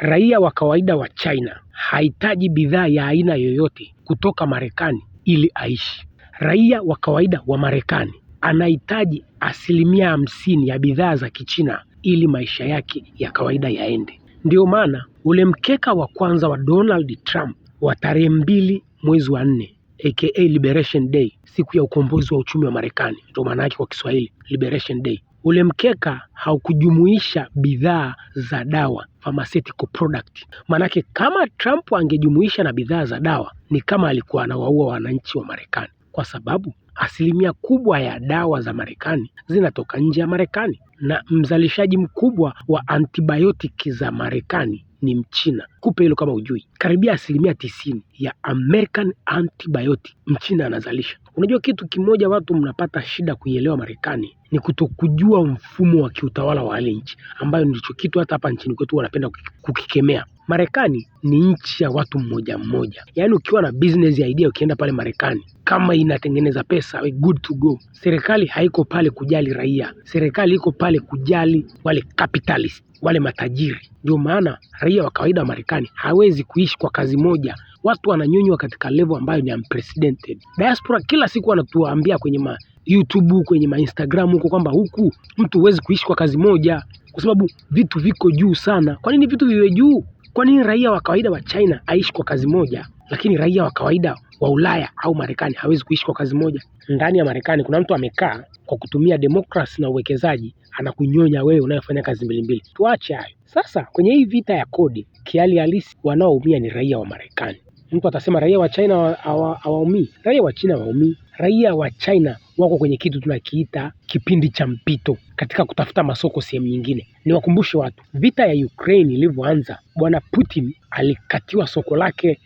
Raia wa kawaida wa China hahitaji bidhaa ya aina yoyote kutoka Marekani ili aishi. Raia wa kawaida wa Marekani anahitaji asilimia hamsini ya bidhaa za Kichina ili maisha yake ya kawaida yaende. Ndio maana ule mkeka wa kwanza wa Donald Trump wa tarehe mbili mwezi wa nne aka Liberation Day, siku ya ukombozi wa uchumi wa Marekani, ndio maana yake kwa Kiswahili Liberation Day. Ule mkeka haukujumuisha bidhaa za dawa, pharmaceutical product. Manake kama Trump angejumuisha na bidhaa za dawa, ni kama alikuwa anawaua wananchi wa Marekani, kwa sababu asilimia kubwa ya dawa za Marekani zinatoka nje ya Marekani, na mzalishaji mkubwa wa antibiotiki za Marekani ni Mchina. Kupe hilo kama ujui, karibia asilimia tisini ya American antibiotic Mchina anazalisha. Unajua kitu kimoja watu mnapata shida kuielewa Marekani ni kutokujua mfumo wa kiutawala wa hali nchi ambayo ndicho kitu hata hapa nchini kwetu wanapenda kukikemea. Marekani ni nchi ya watu mmoja mmoja, yaani ukiwa na business ya idea ukienda pale Marekani kama inatengeneza pesa we good to go. Serikali haiko pale kujali raia, serikali iko pale kujali wale capitalist, wale matajiri. Ndio maana raia wa kawaida wa Marekani hawezi kuishi kwa kazi moja watu wananyonywa katika level ambayo ni unprecedented. Diaspora kila siku wanatuambia kwenye ma YouTube, kwenye ma Instagram huko kwamba huku mtu huwezi kuishi kwa kazi moja, kwa sababu vitu viko juu sana. Kwa nini vitu viwe juu? Kwa nini raia wa kawaida wa China aishi kwa kazi moja, lakini raia wa kawaida wa Ulaya au Marekani hawezi kuishi kwa kazi moja? Ndani ya Marekani kuna mtu amekaa kwa kutumia demokrasi na uwekezaji anakunyonya wewe unayofanya kazi mbili mbili. Tuache hayo sasa. Kwenye hii vita ya kodi, kiali halisi wanaoumia ni raia wa Marekani. Mtu atasema raia wa China hawaumii. Raia wa China hawaumii. Raia wa China wako kwenye kitu tunakiita kipindi cha mpito katika kutafuta masoko sehemu nyingine. Niwakumbushe watu, vita ya Ukraine ilivyoanza, bwana Putin alikatiwa soko lake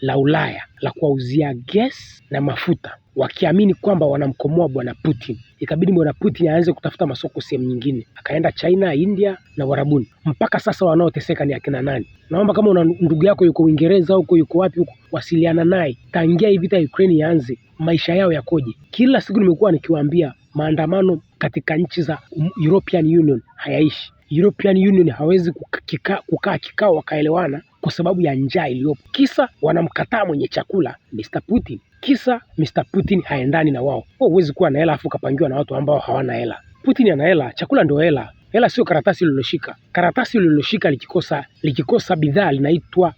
la Ulaya la kuwauzia gesi na mafuta wakiamini kwamba wanamkomoa bwana Putin. Ikabidi bwana Putin aanze kutafuta masoko sehemu nyingine, akaenda China, India na Warabuni. Mpaka sasa wanaoteseka ni akina nani? Naomba kama una ndugu yako yuko Uingereza huko, yuko wapi huko, wasiliana naye tangia hii vita ya Ukraine yaanze, maisha yao yakoje? Kila siku nimekuwa nikiwaambia maandamano katika nchi za European Union hayaishi. European Union hawezi kukaa kukaa kikao wakaelewana kwa sababu ya njaa iliyopo, kisa wanamkataa mwenye chakula Mr Putin. Kisa Mr. Putin haendani na wao. Wewe huwezi kuwa na hela afu ukapangiwa na watu ambao hawana hela. Putin ana hela, chakula ndio hela. Hela sio karatasi uliloshika. Karatasi uliloshika likikosa likikosa bidhaa linaitwa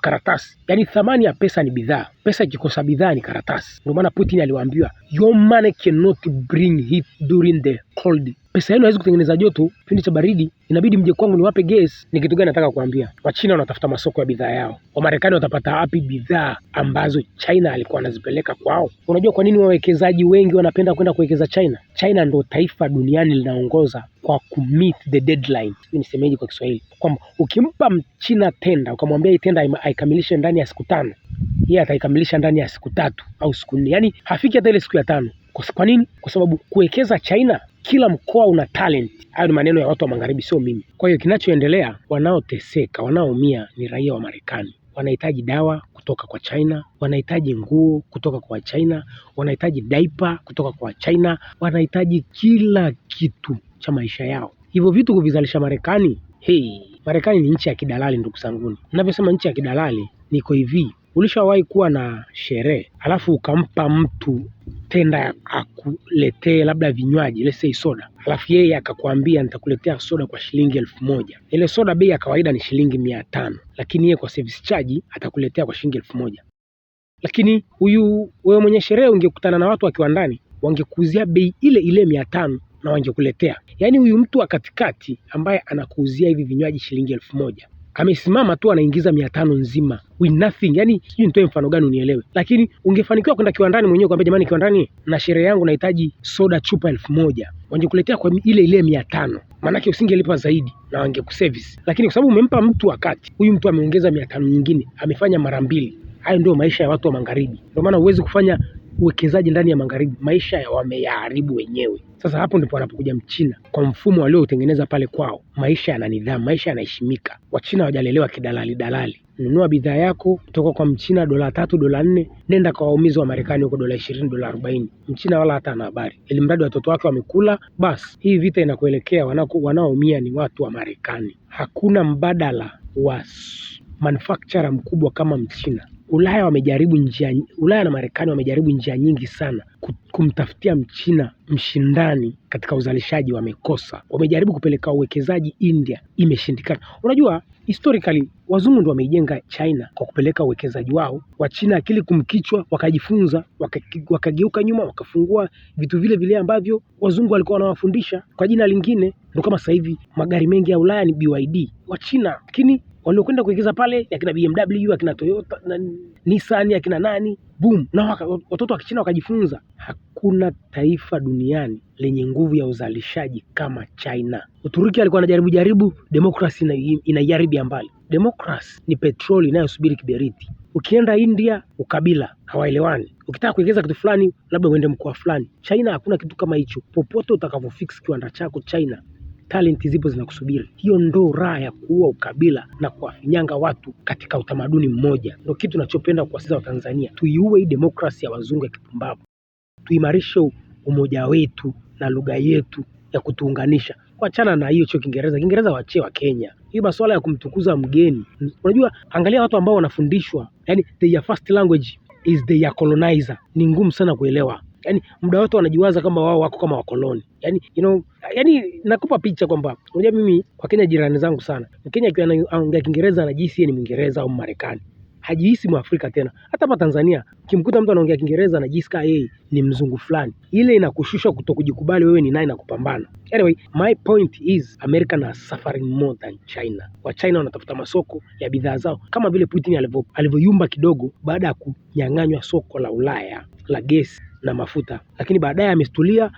karatasi. Yaani thamani ya pesa ni bidhaa, pesa ikikosa bidhaa ni karatasi. Ndio maana Putin aliwaambiwa your money cannot bring heat during the cold, pesa yenu haiwezi kutengeneza joto kipindi cha baridi, inabidi mje kwangu niwape gas. Ni kitu gani nataka kuambia? Wachina wanatafuta masoko ya bidhaa yao, Wamarekani watapata wapi bidhaa ambazo China alikuwa anazipeleka kwao? Unajua kwa nini wawekezaji wengi wanapenda kwenda kuwekeza China? China ndio taifa duniani linaongoza kwa ku the deadline sijui nisemeje kwa Kiswahili, kwamba ukimpa mchina tenda ukamwambia hii tenda aikamilishe ndani ya siku tano, yeye ataikamilisha ndani ya siku tatu au siku nne, yani hafiki hata ile siku ya tano. Kwa nini? Kwa sababu kuwekeza China, kila mkoa una talent. Hayo ni maneno ya watu wa magharibi, sio mimi. Kwa hiyo kinachoendelea, wanaoteseka wanaoumia ni raia wa Marekani. Wanahitaji dawa kutoka kwa China, wanahitaji nguo kutoka kwa China, wanahitaji diaper kutoka kwa China, wanahitaji kila kitu cha maisha yao hivyo vitu kuvizalisha Marekani. Hey, Marekani ni nchi ya kidalali ndugu zanguni. Ninavyosema nchi ya kidalali niko hivi, ulishawahi kuwa na sherehe alafu ukampa mtu tenda akuletee labda vinywaji lesei soda, alafu yeye akakwambia nitakuletea soda kwa shilingi elfu moja. Ile soda bei ya kawaida ni shilingi mia tano, lakini yeye kwa service charge atakuletea kwa shilingi elfu moja. Lakini huyu wewe mwenye sherehe ungekutana na watu wakiwa ndani wangekuuzia bei ile ile mia tano, na wangekuletea. Yaani huyu mtu wa katikati ambaye anakuuzia hivi vinywaji shilingi elfu moja amesimama tu anaingiza mia tano nzima with nothing. Yani sijui nitoe mfano gani unielewe, lakini ungefanikiwa kwenda kiwandani mwenyewe kwambia, jamani, kiwandani na sherehe yangu nahitaji soda chupa elfu moja wangekuletea kwa ile ile mia tano maanake usingelipa zaidi na wangekuservice, lakini kwa sababu umempa mtu wakati, huyu mtu ameongeza mia tano nyingine, amefanya mara mbili. Hayo ndio maisha ya watu wa magharibi. Ndio maana huwezi kufanya uwekezaji ndani ya magharibi, maisha wameyaharibu wenyewe. Sasa hapo ndipo wanapokuja Mchina kwa mfumo waliotengeneza pale kwao, maisha yana nidhamu, maisha yanaheshimika. Wachina wajalelewa kidalali dalali, nunua bidhaa yako kutoka kwa Mchina dola tatu, dola nne, nenda kwa waumizi wa Marekani huko dola ishirini, dola arobaini. Mchina wala hata ana habari, ili mradi watoto wake wamekula basi. Hii vita inakuelekea, wanaoumia ni watu wa Marekani. Hakuna mbadala wa manufacturer mkubwa kama Mchina Ulaya wamejaribu njia, Ulaya na Marekani wamejaribu njia nyingi sana kumtafutia mchina mshindani katika uzalishaji wamekosa. Wamejaribu kupeleka uwekezaji India, imeshindikana. Unajua historically wazungu ndio wameijenga China kwa kupeleka uwekezaji wao. Wachina akili kumkichwa, wakajifunza wakageuka nyuma, wakafungua vitu vile vile ambavyo wazungu walikuwa wanawafundisha kwa jina lingine. Ndio kama sasa hivi magari mengi ya Ulaya ni BYD Wachina, lakini waliokwenda kuwekeza pale akina BMW akina Toyota na Nissan akina nani boom, na watoto wa Kichina wakajifunza hakuna taifa duniani lenye nguvu ya uzalishaji kama China. Uturuki alikuwa anajaribu jaribu demokrasi inaijaribu ya mbali. Demokrasi ni petroli inayosubiri kiberiti. Ukienda India ukabila hawaelewani. Ukitaka kuwekeza kitu fulani, labda uende mkoa fulani. China hakuna kitu kama hicho. Popote utakavyofix kiwanda chako China, talenti zipo zinakusubiri. Hiyo ndo raha ya kuua ukabila na kuwafinyanga watu katika utamaduni mmoja. Ndo kitu nachopenda kuwasiza Watanzania, tuiue hii demokrasi ya wazungu ya kipumbavu tuimarishe umoja wetu na lugha yetu ya kutuunganisha. Kuachana na hiyo cho Kiingereza, Kiingereza waachie kenya hiyo masuala ya kumtukuza mgeni, unajua, angalia watu ambao wanafundishwa, yani their first language is their colonizer, ni ngumu sana kuelewa. Yani muda wote wanajiwaza kama wao wako kama wakoloni. Yani, you know, yani nakupa picha kwamba unajua, mimi kwa kenya jirani zangu sana, Mkenya akiwa anaongea Kiingereza anajihisi ni Mwingereza au Marekani, hajihisi Mwafrika tena. Hata hapa Tanzania kimkuta mtu anaongea Kiingereza anajisikia kama yeye ni mzungu fulani, ile inakushusha kutokujikubali wewe ni nani na kupambana. Anyway, my point is America na suffering more than China. Wa China wanatafuta masoko ya bidhaa zao kama vile Putin alivyoyumba kidogo baada ya kunyang'anywa soko la Ulaya la gesi na mafuta, lakini baadaye amestulia,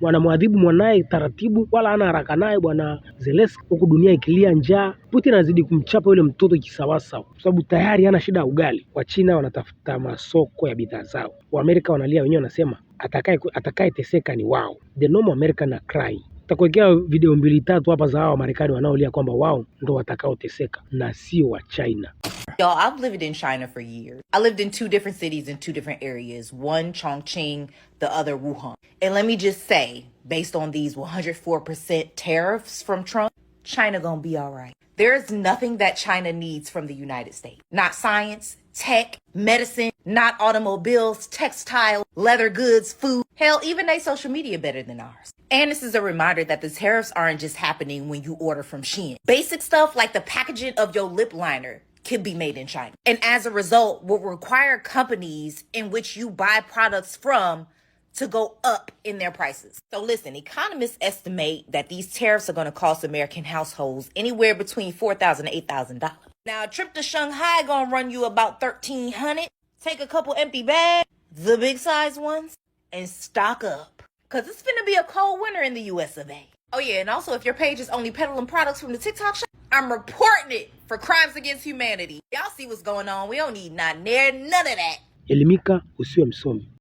anamwadhibu mwanaye taratibu, wala ana haraka naye bwana Zelensky, huku dunia ikilia njaa. Putin anazidi kumchapa yule mtoto kisawasawa, kwa sababu tayari hana shida ya ugali. China wanatafuta masoko masoko ya bidhaa zao. Waamerika wanalia wenyewe, wanasema atakaye atakayeteseka ni wao, the normal American are crying. Takuwekea video mbili tatu hapa za hao Wamarekani wanaolia kwamba wao ndo watakaoteseka na sio wa China. Y'all, I've lived in China for years. I lived in two different cities in two different areas, one Chongqing, the other Wuhan. And let me just say, based on these 104% tariffs from Trump, China gonna be all right. There is nothing that China needs from the United States. Not science, tech, medicine, not automobiles, textile, leather goods, food. Hell, even they social media better than ours. And this is a reminder that the tariffs aren't just happening when you order from Shein. Basic stuff like the packaging of your lip liner could be made in China. And as a result, will require companies in which you buy products from to go up in their prices. So listen, economists estimate that these tariffs are going to cost American households anywhere between $4,000 to $8,000. Now, a trip to Shanghai going to run you about 1300 Take a couple empty bags, the big size ones, and stock up. Cause it's finna be a cold winter in the US of A. Oh yeah, and also if your page is only peddling products from the TikTok shop, I'm reporting it for crimes against humanity. Y'all see what's going on. We don't need not near none of that. Elimika usiwe msomi.